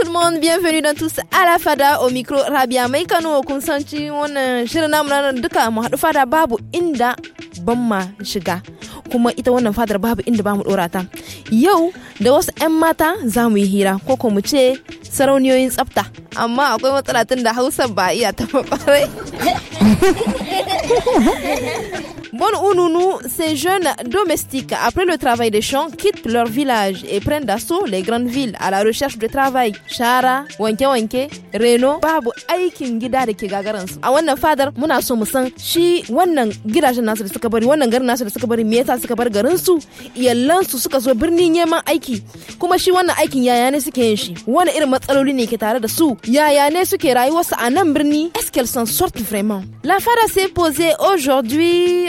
tout le monde, bienvenue dans tous à la fada au micro Rabia mai au consenti on ci wannan namu na duka mu hadu fada babu inda bamma shiga kuma ita wannan fadar babu inda bamu dora ta. Yau da wasu 'yan mata za mu yi hira ko ko mu ce sarauniyoyin tsafta amma akwai matsalatin da Hausa ba iya ta Bon Ounounou, ces jeunes domestiques, après le travail des champs, quittent leur village et prennent d'assaut les grandes villes à la recherche de travail. Chara, Wenke, Wenke, Reno, Babu aikin gida da ke gagaransu. A wannan fadar muna so mu san shi wannan gidajen nasu da suka bari, wannan garin nasu da suka me yasa aiki. Kuma shi aikin Yayane, ne suke yin shi? Wani irin ke da su? Est-ce qu'elles s'en sortent vraiment? La fada s'est posée aujourd'hui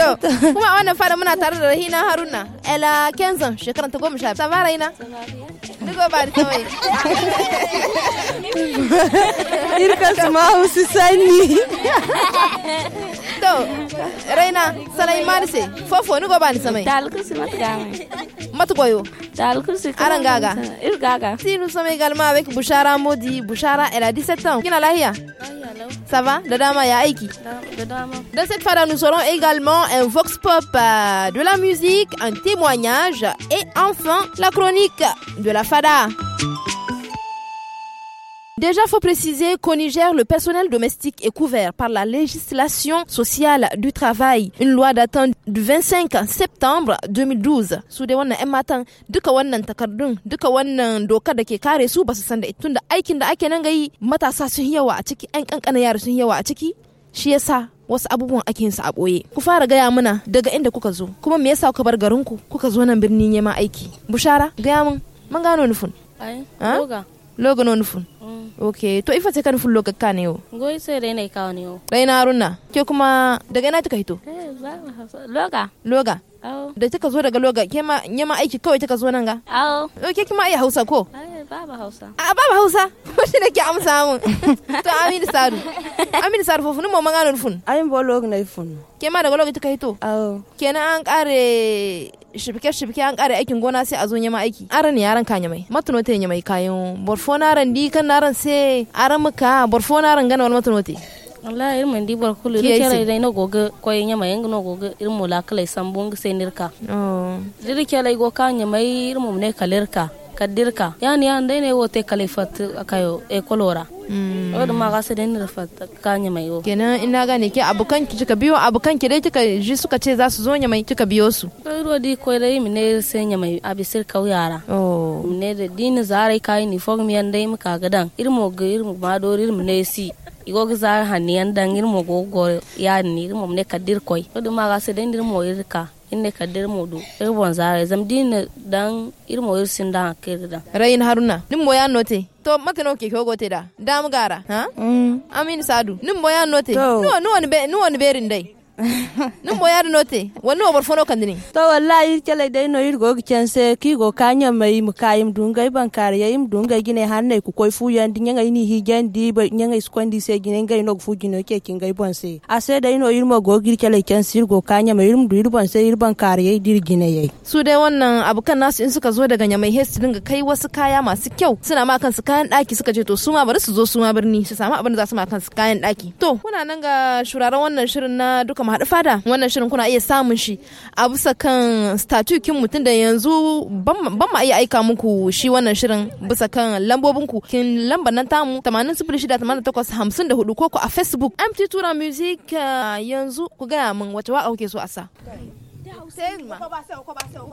To, kuma wannan fara muna tare da Rahina Haruna, ela Kenzan, shekaran ta goma sha biyu. Sabara ina? Dugo ba da kawai. Irkan su ma su sani. To, Raina, sanai marse, fofo nugo ba ni samai. Dalkusi matgami. Matgoyo. Dalkusi. Arangaga. Irgaga. Sinu samai galma avec Bouchara Modi. Bouchara, elle a 17 ans. Kina lahiya? Lahiya. Ça va Dans cette fada, nous aurons également un vox pop euh, de la musique, un témoignage et enfin la chronique de la fada. Déjà, faut préciser qu'au Niger, le personnel domestique est couvert par la législation sociale du travail, une loi datant du 25 septembre 2012. Su dai wannan 'yan matan duka wannan takardun, duka wannan doka kare su ba su san da tun da aikin da ake nan gayi matasa sun yawa a ciki, 'yan kankana yara sun yawa a ciki. Shi gaya mana kuka zo, kuma me yasa kuka bar aiki. Bushara, gaya mun, mun logo no nufin mm. ok to ifa sai ka nufin logo ka ne yo goyi sai dai na kawo yo dai na haruna ke kuma daga ina kika hito eh, loga loga da kika zo daga loga ke ma ma aiki kawai kika zo nan ga awo ke kima iya hausa ko baba hausa a baba hausa ko shi nake amsa mun to aminu saru aminu saru fofun mu mangano fun ayin bolog na fun ke ma daga loga kika hito awo kenan an kare shibike shibike an kare aikin gona sai a zo nyama aiki aran yaran kanya mai matunote te mai kayo borfo naran di kan naran sai aran muka borfo naran gana wal matunote te Allah irin mun dibar kulu ne kera dai na goga koyi nyama yang no goga irin mula kala sambung sai nirka oh dirike lai go kanya mai irin mun ne kalirka kadirka yani yan ne wote kalifat akayo e kolora hmm. o da ma sai dene rafat nya mai o kenan ina gane ke abukan ki kika biyo abukan ki dai kika ji suka ce za su zo nya mai kika biyo su kairo di ko dai mine nya mai abisir ka yara mine da dini zarai kai ni fog mi ndai dai muka gadan irmo ga irmo ma dori irmo ne si igog za haniyan dan irmo gogo ya ni irmo ne kadir koy do ma ga se den irmo irka inne kadir modu irbon zare zam din dan irmo irsin dan kirda rain haruna nimmo ya note to maka no ke ko gote da dam gara ha mm. amin sadu nimmo ya note no no ni be no ni berin dai nin mo yar noti wani obar fono kan dini to wallahi kele dai no yir gogi chense ki go kanya mai mu kayim dungai ban kare yim dungai gine hanne ku koy fu yan dinya ngai ni higen di ba nya ngai skondi se gine ngai no fu gino ke kin gai bon se ase dai no yir mo gogi kele chense yir go kanya mai yim duir bon se yir ban kare yai dir gine yai su dai wannan abu kan nasu in suka zo daga nya mai hesti dinga kai wasu kaya masu kyau suna ma kan su kayan daki suka je to su ma bari su zo su ma birni su samu abin da za su ma kan su kayan daki to kuna nan ga shuraren wannan shirin na duka mu haɗu fada wannan shirin kuna iya samun shi a bisa kan statukin mutum da yanzu ban ma iya aika muku shi wannan shirin bisa kan lambobin ku kin lambar nan tamu 8688 ko ku a facebook mt tura music eh, yanzu ku gaya min wace wa'a kuke so a sa Thelma. Ukobase, ukobase,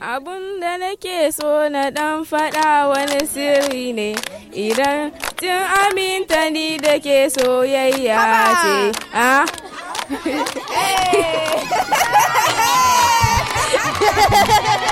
Abun da nake so na dan faɗa wani sirri ne idan tun aminta ni da ke soyayya ce. Ah. Hey!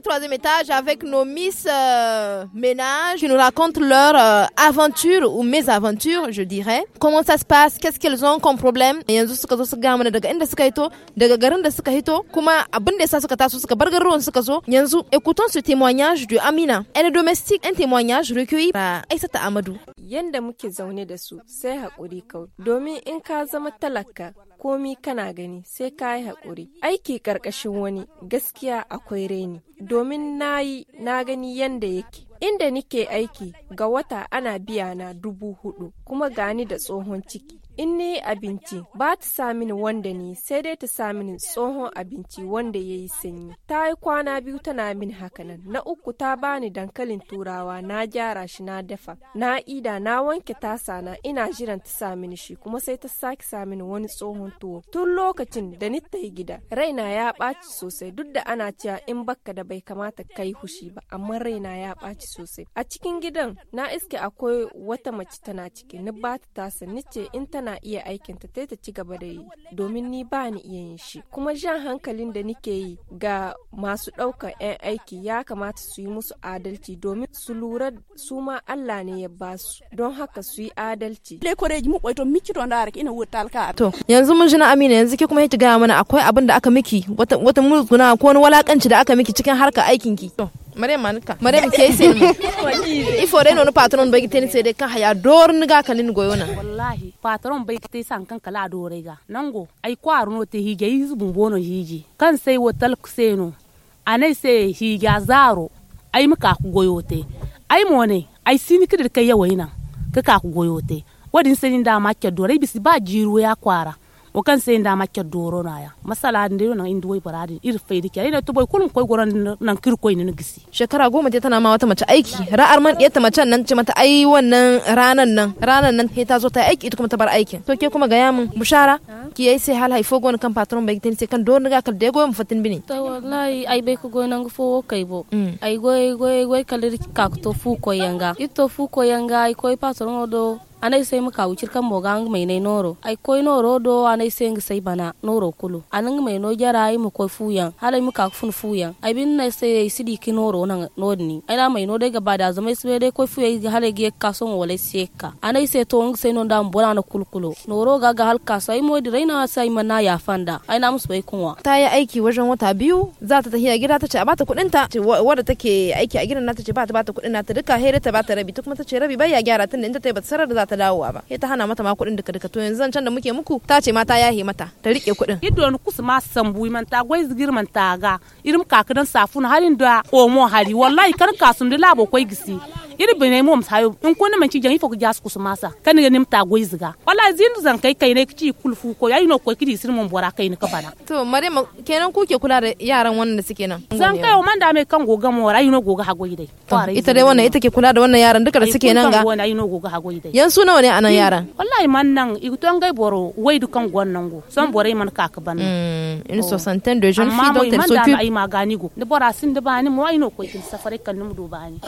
troisième étage avec nos Miss ménage euh, ménages qui nous racontent leur euh, aventure ou mésaventure, je dirais. Comment ça se passe? Qu'est-ce qu'elles ont comme problème? Yanzu suka zo suka gama daga inda suka hito, daga garin da suka hito, kuma abin da yasa suka taso suka bar garuruwan suka zo. Yanzu écoutons ce témoignage de Amina. Elle est domestique, un témoignage recueilli par Aissata Amadou. Yanda muke zaune da su sai haƙuri kawai. Domin in ka zama talaka komi kana gani sai ka yi haƙuri. Aiki ƙarƙashin wani gaskiya akwai reni. Domin na yi na gani yanda yake. Inda nike aiki ga wata ana biya na dubu hudu kuma gani da tsohon ciki. in ne abinci ba ta sa mini wanda ne sai dai ta sami mini tsohon abinci wanda ya yi sanyi ta yi kwana biyu tana min hakanan na uku ta bani dankalin turawa na gyara shi na dafa na ida na wanke tasa na ina jiran ta sami shi kuma sai ta sake sa mini wani tsohon tuwo tun lokacin da ni ta yi gida raina ya ɓaci sosai duk da ana cewa in bakka da bai kamata kai hushi ba amma raina ya ɓaci sosai a cikin gidan na iske akwai wata mace tana ciki ni ba ta tasa ni ce in tana tana iya aikin ta ta ci gaba da yi domin ni ba ni iya yin shi kuma jan hankalin da nike yi ga masu ɗaukar 'yan aiki ya kamata su yi musu adalci domin su lura su ma Allah ne ya ba su don haka su yi adalci. Dai ko dai mu To yanzu mun jina Amina yanzu ke kuma yake gaya mana akwai abin da aka miki wata wata ko wani walakanci da aka miki cikin harka aikin ki. Maryam manika. Maryam ke sen. Ifore no patron bai giteni sai dai kan haya dor ni ga ni goyona. Wallahi patron bai giteni san kan kala dorai ga. Nango ai kwaru no te hige yuzu zubun bono hige. Kan sai wotal kuseno. Anai sai hige zaro. Ai muka ku goyote. Ai mo ne ai sini kidir kai ina. Ka ka ku goyote. Wadin sanin da ma ke dore bisi ba jiru ya kwara. o kan sai da makke doro na ya masala ndiro na indu wai baradi ir faidi ke ina to boy kulun goron nan kir koi ne gisi shekara goma ta tana ma wata mace aiki ra'ar man ta mace nan ce mata ai wannan ranan nan ranan nan ta zo ta aiki ita kuma ta bar aikin to ke kuma ga yamin bushara ki ai se hal hay fo gon kan patron be tin se kan do naga kal de go mo fatin bini to wallahi ay be ko go nangu fo kai bo mm. ai go go go kal ka to fu ko yanga ito fu ko yanga ai ko patron do anai sai muka wucir kan boga ang mai nai noro Ay koi noro do anai sai ngi sai bana noro kulu anang mai no jara ai mu koi fuyan halai muka fun fuyan ai bin nai sai sidi ki noro nan nodni ai da mai no dai gaba da zama sai dai koi fuyan halai ge kason wala seka anai sai to ngi sai non da mbona na kulkulo noro ga ga hal kaso ai mo dirai na sai mana ya fanda ai na musu bai kunwa ta yi aiki wajen wata biyu za ta tafi a gida ta ce a bata kuɗin ta wadda take aiki a gidan na ta ce ba ta bata kuɗin na ta duka hera ta bata rabi ta kuma ta ce rabi bai ya gyara tunda in ta yi bata sarar da za ta dawo ba ta hana mata ma kuɗin duka duka to yanzu can da muke muku ta ce ma ta yahe mata ta rike kuɗin idon kusa ma sambu man ta gwai zigirman ta ga irin kakidan safun harin da omo hari wallahi kar sun da labo kwai gisi yiri ne mom sayo in ko man ci jangi fo jas ku sa. kan ga nim ta goy ziga wala zin zan kai kai ne ci kulfu ko yayi no ko kidi sir mom bora kai ne ka bana to ma kenan ku ke kula da yaran wannan da suke nan zan kai o manda mai kan goga mo rayu no goga hagoyi dai ita dai wannan ita ke kula da wannan yaran duka da suke nan ga wannan no goga hagoyi dai yan suna wani anan yaran wallahi man nan igutan gai boro wai dukan gwannan go son bore man ka ka bana in so santen de jeune fille dont elle s'occupe ma gani go ne bora sin da bani mo oh. ai no ko kin safare kan num do bani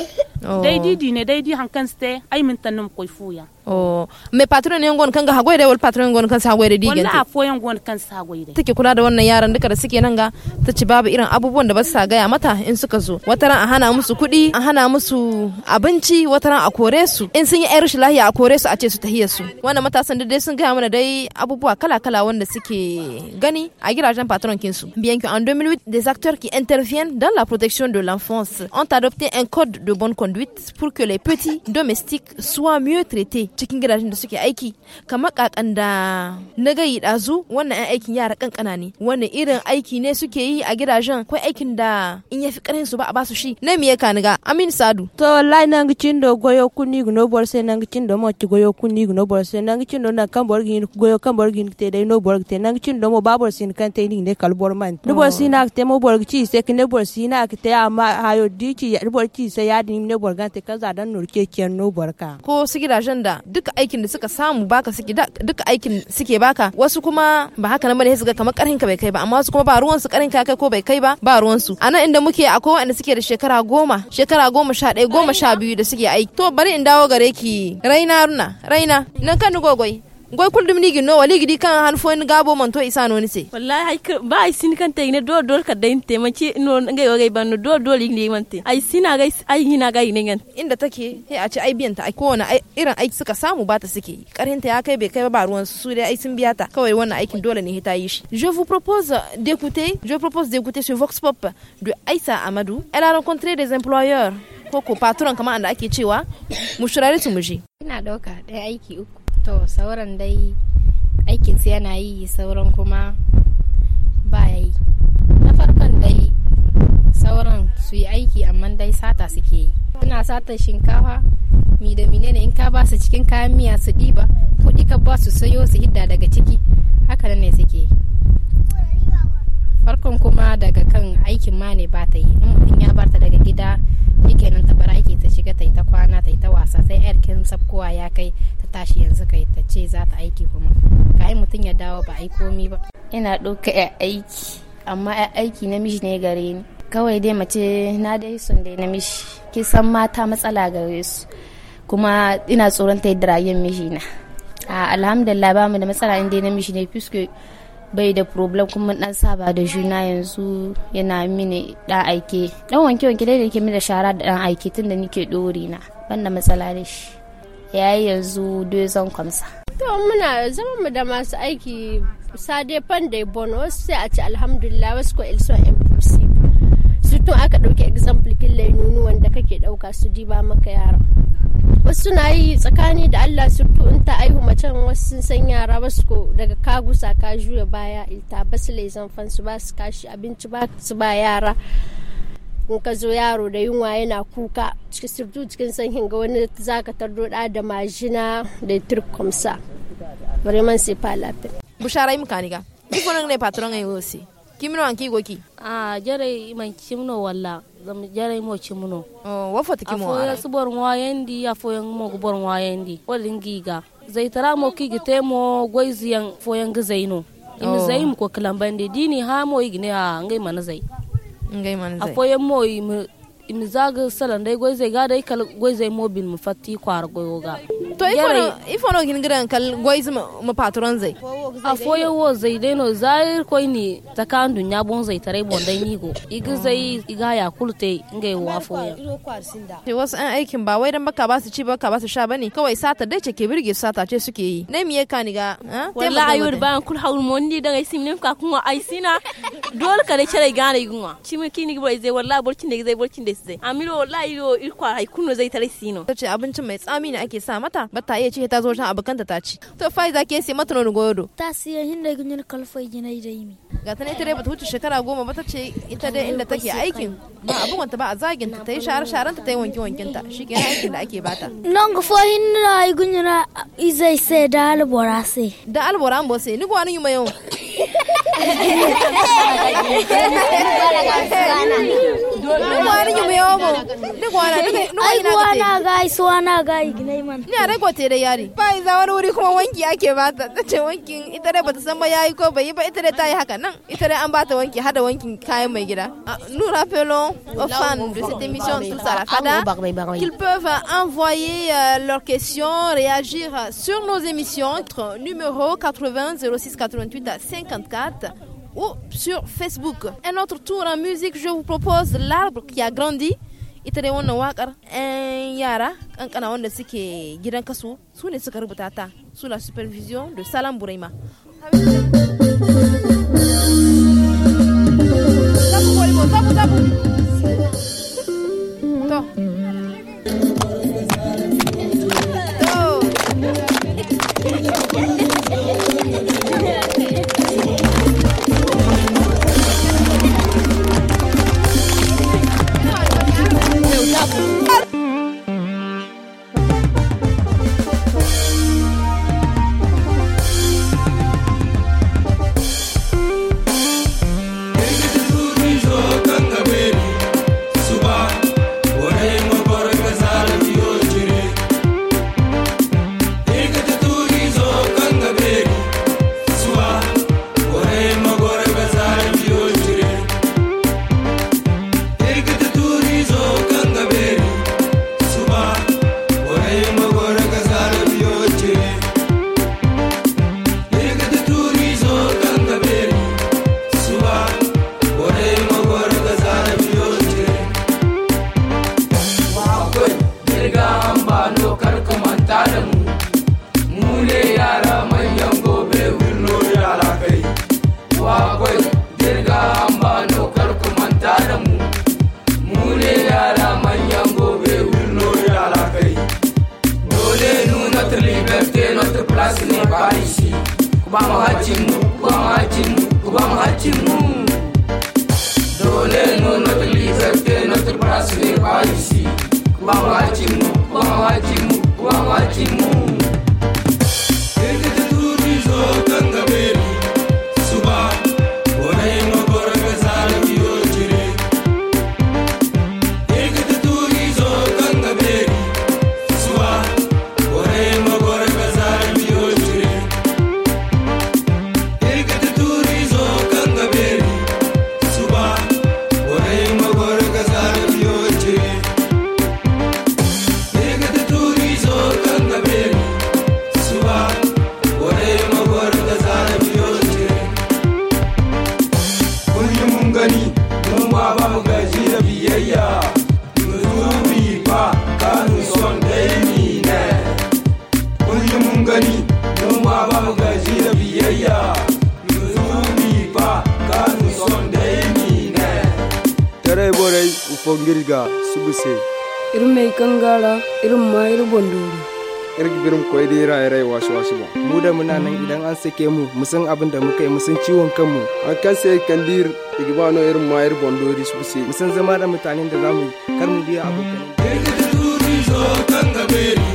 dai dine dai di hankan ste ai min tanum koy fuya o me patron ne ngon kanga hagoy dai wal patron ngon kan sagoy dai digen wallahi foyan ngon kan sagoy dai take kula da wannan yaran duka da suke nan ga ta ci babu irin abubuwan da ba su sagaya mata in suka zo wataran a hana musu kuɗi a hana musu abinci wataran a kore su in sun yi ayar shi lahiya a kore su a ce su tahiyar su wannan matasan da dai sun gaya mana dai abubuwa kala kala wanda suke gani a gidajen patron su. bien que en 2008 des acteurs qui interviennent dans la protection de l'enfance ont adopté un code de bonne conduite pour que les petits domestiques soient mieux traités cikin gidajen da suke aiki kamar kakan da na gayi dazu wannan ɗan aikin yara kankana ne wani irin aiki ne suke yi a gidajen akwai aikin da in ya fi karin su ba a basu shi na miye ka niga amin sadu to wallahi nan gicin da goyo kunni gno bor sai nan gicin da mo ti goyo kunni gno bor sai nan gicin da na kan bor goyo kan bor te dai no bor te nan gicin da mo ba bor sin kan te ni ne kal bor man no bor sin ak te mo borgi ci sai ne bor sin ak te amma hayo dici ya bor ci sai ya ni ne bor gan te kan mazadan nurkekiyar nobarka ko wasu gidajen da duka aikin da suka samu baka suke duka aikin suke baka wasu kuma ba haka nan bane suka kamar karhin ka bai kai ba amma wasu kuma ba ruwan su karhin ka kai ko bai kai ba ba ruwan su nan inda muke akwai wanda suke da shekara goma shekara goma sha ɗaya goma sha biyu da suke aiki to bari in dawo gare ki raina runa raina nan kan gogoi goy kuldum ni gino wali di kan han fon gabo man to isano ni se wallahi hay ba ay sin kan te ne do do ka inte te ci no ngay o gay banno do do ligi man te ay a gay ay hina gay ne ngan inda take he a ci ay biyan ta ai ay Iran aiki suka samu ba ta suke karinta ya kai bai kai ba ruwan su dai ay sin biya ta kawai wannan aikin dole ne ta yi shi je vous propose d'écouter je propose d'écouter ce vox pop de Aïssa Amadou elle a rencontré des employeurs ko ko patron kamar anda ake cewa mu shirare su mu je ina dauka dai aiki uku to sauran dai aikin su yana yi sauran kuma ba ya yi na farkon dai sauran su yi aiki amma dai sata suke yi suna sata shinkafa mi da ne in ka ba su cikin kayan miya su diba kuɗi ka ba su sayo su hidda daga ciki haka ne suke farkon kuma daga kan aikin ma ne ba ta yi in mutum ya barta daga gida kenan ta bar aiki ta shiga ta yi ta kwana ta yi ta wasa sai yarkin sabkowa ya kai ta tashi yanzu kai ta ce za ta aiki kuma ga kayan mutum ya dawo ba a yi komi ba ina ɗauka ya aiki amma ya aiki namiji ne gare ni kawai dai mace na dai sun dai namiji kisan mata matsala gare su kuma ina tsoron ta yi da na mijina alhamdulillah ba mu da matsala in dai mishi ne fiske bai da problem kuma dan saba da juna yanzu yana mini da aike dan wanke wanke dai da yake mini da shara da dan aike tunda nike dore na ban matsala da shi yayi yanzu dai zan kwamsa to muna zaman mu da masu aiki sade fan da bono sai a ci alhamdulillah wasu ko ilson impossible to aka ɗauki example kin nunu wanda kake ɗauka su diba maka yara wasu suna yi tsakani da Allah su in ta aihu macen wasu sun san yara wasu ko daga kagusa ka juya baya ita ba su laizan fansu ba su kashi abinci ba su ba yara in ka zo yaro da yunwa yana kuka cikin sirtu cikin san hinga wani zaka tardo da da majina da turkomsa vraiment man sai fa peine bushara imkaniga duk wannan ne patron ai aussi kimno an kigo ki a jare man kimno walla zam jare mo kimno wa wa fot a fo subor a fo yang mo gubor wayendi wadin giga zaitara mo kigi temo yang fo yang zaino imi zai mu ko kalambande dini ha mo igne a ngai man zai ngai man zai fo yang mo in zaga salan dai goize ga dai kal goize mobil mu fatti kwar ga. to ifono ifono gin gidan kal goize mu patron zai a foye wo zai dai no zai koi ni takan dunya bon zai tare bon dai ni go igi zai iga ya kulte ngai wa foye to wasu an aikin ba wai dan baka ba su ci ka ba su sha bane kawai sata dai ce ke birge sata ce suke yi Ne miye ka ni ga wallahi ayur ban kul haul ni daga sim ne ka kuma aisina dole ka ne cire gane gunwa ci mun kini bai zai wallahi borcin da zai borcin da zai amiro wallahi yo irkwa haikuno zai tare sino tace abincin mai tsami ne ake sa mata ba ta iya ce ta zo ta abukanta ta ci to faiza ke sai mata nono goyo ta siya hinda gunyar kalfai ginai da yimi ga ta ne tare ba ta wuce shekara goma ba ta ce ita dai inda take aikin ba abun wanta ba a zagin ta yi shahar sharan ta ta yi wanki wankin ta shi ke aikin da ake bata non ga fohin na gunyar izai sai da alborase da alboran bose sai ni gwanin yi yau. Nous rappelons aux fans de cette émission tous à la qu'ils peuvent envoyer leurs questions, réagir sur nos émissions. entre Numéro 80 06 88 5 ou sur Facebook. Un autre tour en musique, je vous propose L'arbre qui a grandi. sous yara un la supervision de salam buraima good akwai dai rai raye wasu-wasu ba mu da muna nan idan an sake mu mu abin da muka yi mu ciwon kanmu a kan sai kandir no irin mayar bondori su sai mu san zama da mutanen da zamu kar mu biya abokan kan gabe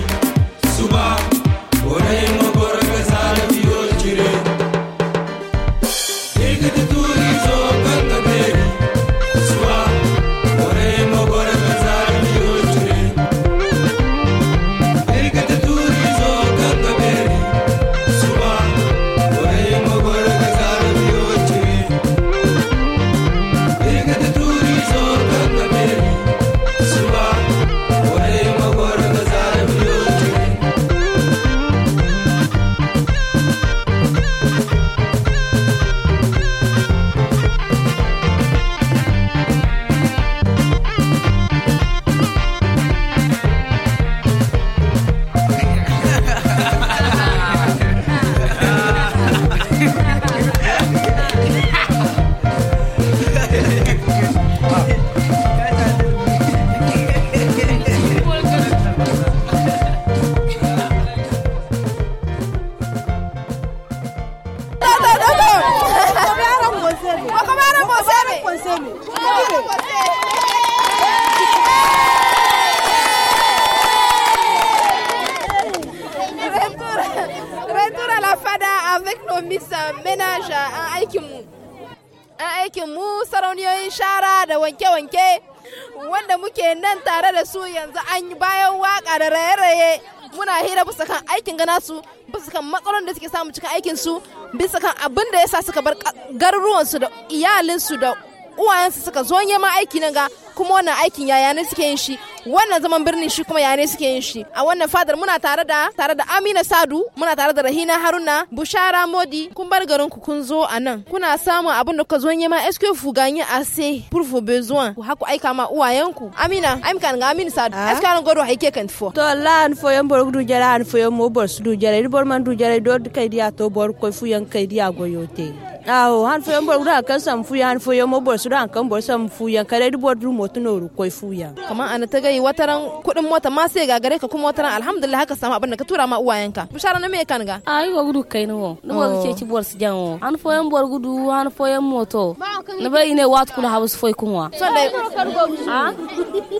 su bisa kan abin da yasa suka bar garuruwansu da iyalinsu da uwayensu suka zo ma aiki na ga kuma wannan aikin yaya ne suke yin shi wannan zaman birnin shi kuma yaya ne suke yin shi a wannan fadar muna tare da tare da Amina Sadu muna tare da Rahina Haruna Bushara Modi kun bar garin ku kun zo a nan kuna samun abin da kuka zo ma est-ce que vous gagnez assez pour vos besoins ku haku aika ma uwayenku Amina I'm kan ga Amina Sadu ah. est-ce que an godo haike kan tfo to la an fo yan bor du jara an fo yan mo bor su du jara ri bor man du jara do kai dia to bor ko fu yan kai dia goyote awo han fuyan bor da kan sam fu yan fuyan mo bor su da kan bor sam yan kare du bor du mo hotuna rukwai fuya kuma ana ta gai wataran kudin mota ma sai ga gare ka kuma wataran alhamdulillah haka samu abin da ka tura ma uwayenka bishara na me kan ga ai wa gudu kai no no wa oh. ke ci bor su jan an foyan bor gudu an foyan moto na bai ne wat kula habus foi kuma so dai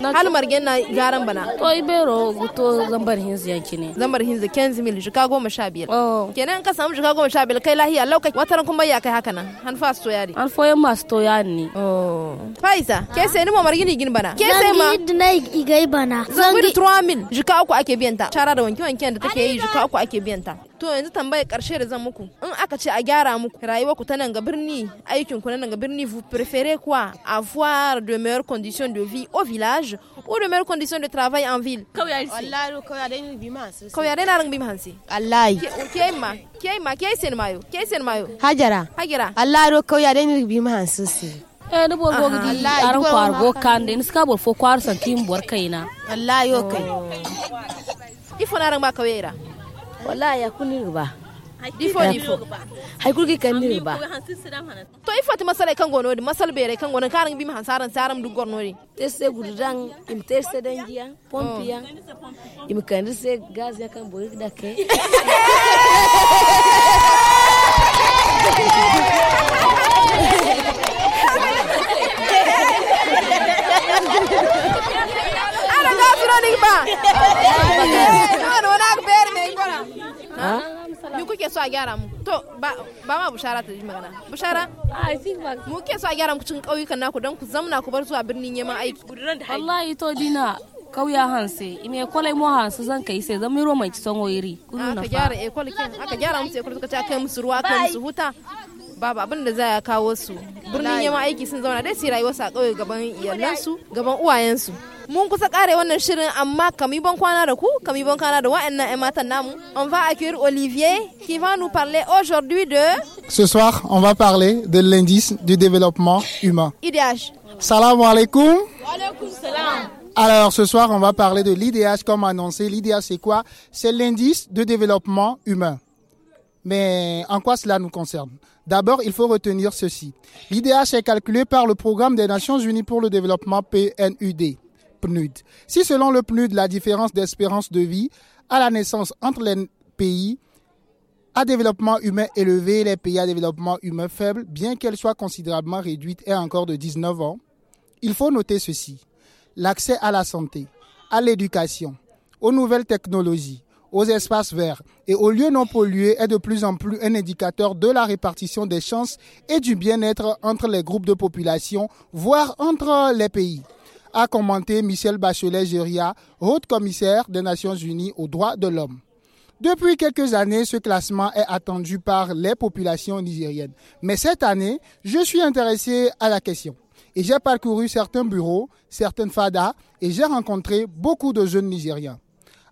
hal margen na garan bana to ibero guto zambar hinzi yanki ne zambar hin hinzi kenzi mil jika goma sha biyar oh. kenan ka samu jika goma sha biyar kai lahiya lau kai wataran kuma ya kai haka nan an fa so toyari an foyan ma so toyari ne oh. faiza ke sai ni mamar gini gin bana ke sai ma zangi na igai bana zangi tramin jika uku ake biyan ta shara da wanke wanke da take yi jika uku ake biyan ta to yanzu tambaye karshe da zan muku in aka ce a gyara muku Rayuwa ku ta nan ga birni aikin ku na nan ga birni vous préférez quoi avoir de meilleures conditions de vie au village ou de meilleures conditions de travail en ville kauya wallahi kauya dai ni bi ma na ran bi ma hansi yi. ke ma ke ma ke sen mayo ke sen mayo hajara hajara wallahi kauya dai ni bi ma hansi eh ni bor gogi di aran kwar go kande ni ska bor fo kwar san kim bor kaina wallahi yo kai oh. ifo naran ma kawera wallahi ya kunir ba difo difo hay kurgi kan dir ba to ifo ti masala e kan gono di masal bere kan gono karan bi ma hansaran saram du gorno di tese gudan im tese dangiya pompiya oh. im kan se gaz ya kan borik da ke kirani ba wani akbayar mai gora ku kuke so a gyara mu to ba ma bushara ta ji magana bushara mu ke so a gyara mu cikin ƙauyukan naku don ku zamna ku bar zuwa birnin yamma aiki wallahi to dina kauya hanse ime kwalai mo hanse zan kai sai zan miro mai son oyiri ku nuna fa gyara e eh, kwalai kin aka gyara musu ekol eh, suka ta kai musu ruwa kai musu huta babu abin da za ya kawo su birnin yamma aiki sun zauna dai su rayuwa sa kauye gaban iyalansu gaban uwayensu on va accueillir Olivier qui va nous parler aujourd'hui de Ce soir, on va parler de l'indice du développement humain. IDH. Salam alaikum. Alaikum salam. Alors ce soir, on va parler de l'IDH comme annoncé. L'IDH c'est quoi C'est l'indice de développement humain. Mais en quoi cela nous concerne D'abord, il faut retenir ceci. L'IDH est calculé par le Programme des Nations Unies pour le Développement PNUD. Si selon le PNUD, la différence d'espérance de vie à la naissance entre les pays à développement humain élevé et les pays à développement humain faible, bien qu'elle soit considérablement réduite et encore de 19 ans, il faut noter ceci. L'accès à la santé, à l'éducation, aux nouvelles technologies, aux espaces verts et aux lieux non pollués est de plus en plus un indicateur de la répartition des chances et du bien-être entre les groupes de population, voire entre les pays a commenté Michel Bachelet-Géria, haute commissaire des Nations Unies aux droits de l'homme. Depuis quelques années, ce classement est attendu par les populations nigériennes. Mais cette année, je suis intéressé à la question. Et j'ai parcouru certains bureaux, certaines fadas, et j'ai rencontré beaucoup de jeunes Nigériens.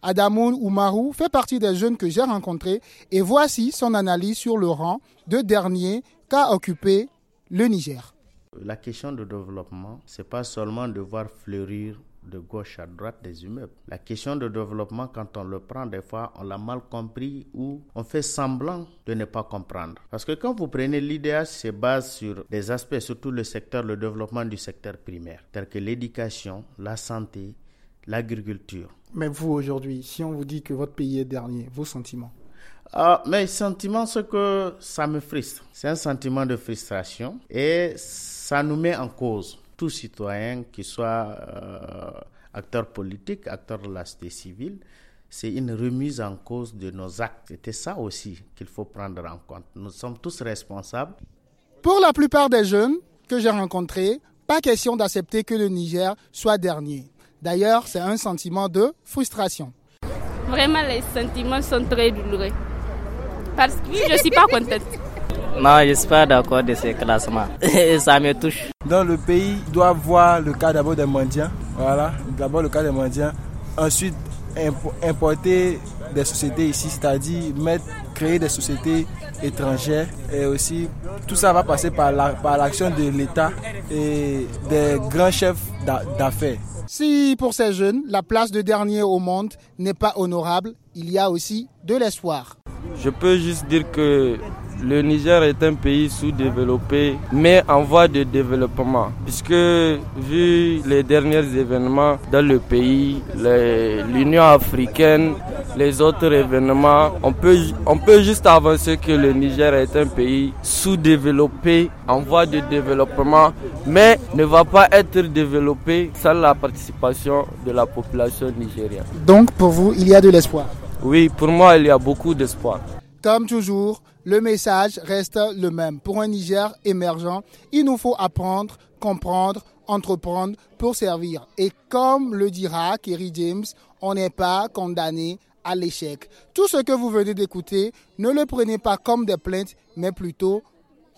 Adamoun Oumarou fait partie des jeunes que j'ai rencontrés et voici son analyse sur le rang de dernier qu'a occupé le Niger. La question de développement, c'est pas seulement de voir fleurir de gauche à droite des immeubles. La question de développement, quand on le prend, des fois, on l'a mal compris ou on fait semblant de ne pas comprendre. Parce que quand vous prenez l'IDH, c'est basé sur des aspects, surtout le secteur, le développement du secteur primaire, tel que l'éducation, la santé, l'agriculture. Mais vous, aujourd'hui, si on vous dit que votre pays est dernier, vos sentiments ah, Mes sentiments, c'est que ça me frustre. C'est un sentiment de frustration et ça nous met en cause, tout citoyen, qui soit euh, acteur politique, acteur de la société civile. C'est une remise en cause de nos actes. C'était ça aussi qu'il faut prendre en compte. Nous sommes tous responsables. Pour la plupart des jeunes que j'ai rencontrés, pas question d'accepter que le Niger soit dernier. D'ailleurs, c'est un sentiment de frustration. Vraiment, les sentiments sont très douloureux parce que je ne suis pas contente. Non, je ne suis pas d'accord de ces classements. Ça me touche. Dans le pays, il doit voir le cas d'abord des mendiants. Voilà, d'abord le cas des mendiants. Ensuite, importer des sociétés ici, c'est-à-dire créer des sociétés étrangères et aussi tout ça va passer par l'action de l'État et des grands chefs d'affaires. Si pour ces jeunes, la place de dernier au monde n'est pas honorable, il y a aussi de l'espoir. Je peux juste dire que le Niger est un pays sous-développé, mais en voie de développement. Puisque, vu les derniers événements dans le pays, l'Union africaine, les autres événements, on peut, on peut juste avancer que le Niger est un pays sous-développé, en voie de développement, mais ne va pas être développé sans la participation de la population nigérienne. Donc, pour vous, il y a de l'espoir oui, pour moi, il y a beaucoup d'espoir. Comme toujours, le message reste le même. Pour un Niger émergent, il nous faut apprendre, comprendre, entreprendre pour servir. Et comme le dira Kerry James, on n'est pas condamné à l'échec. Tout ce que vous venez d'écouter, ne le prenez pas comme des plaintes, mais plutôt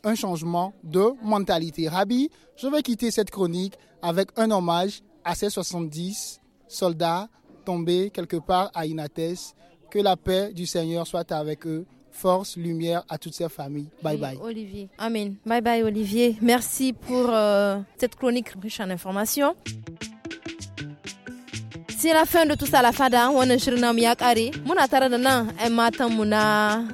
un changement de mentalité. Rabi, je vais quitter cette chronique avec un hommage à ces 70 soldats tombés quelque part à Inates que la paix du Seigneur soit avec eux force, lumière à toutes ces familles. Bye bye. Olivier. Amen. Bye bye Olivier. Merci pour euh, cette chronique riche en informations. c'est fɛn fin da tout wannan shirin namu ya kare muna tare da nan ƴan matan mu na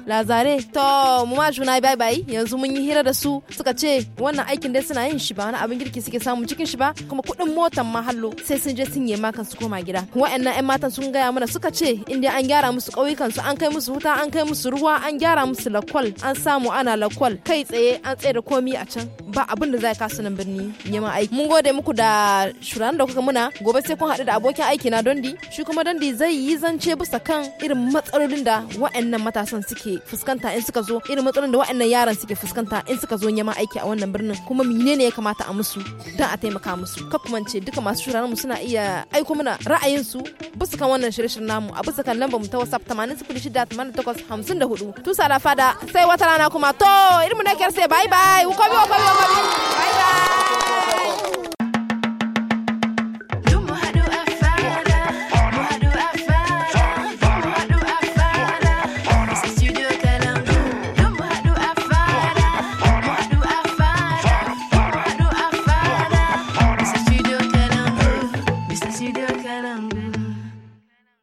lazare to mu ma juna bye bye yanzu mun yi hira da su suka ce wannan aikin dai suna yin shi ba wani abin girki suke samu cikin shi ba kuma kuɗin motan ma hallo sai sun je sun yi makan su koma gida wa'annan ƴan matan sun gaya mana suka ce in inda an gyara musu ƙauyukan su an kai musu wuta an kai musu ruwa an gyara musu lakwal an samu ana lakwal kai tsaye an tsaye da komi a can ba abin da zai kasu nan birni yema aiki mun gode muku da shuran da kuka muna gobe sai kun haɗu da abokin aiki na dondi shi kuma dondi zai yi zance bisa kan irin matsalolin da wa'annan matasan suke fuskanta in suka zo irin matsalolin da wa'annan yaran suke fuskanta in suka zo neman aiki a wannan birnin kuma menene ya kamata a musu don a taimaka musu ka kuma ce duka masu shuraren mu suna iya aiko mana ra'ayinsu bisa kan wannan shirye-shiryen namu a bisa kan lambar mu ta WhatsApp hudu tusa da fada sai wata rana kuma to irin mu na kyar sai bye bye ku kobi ku kobi bye bye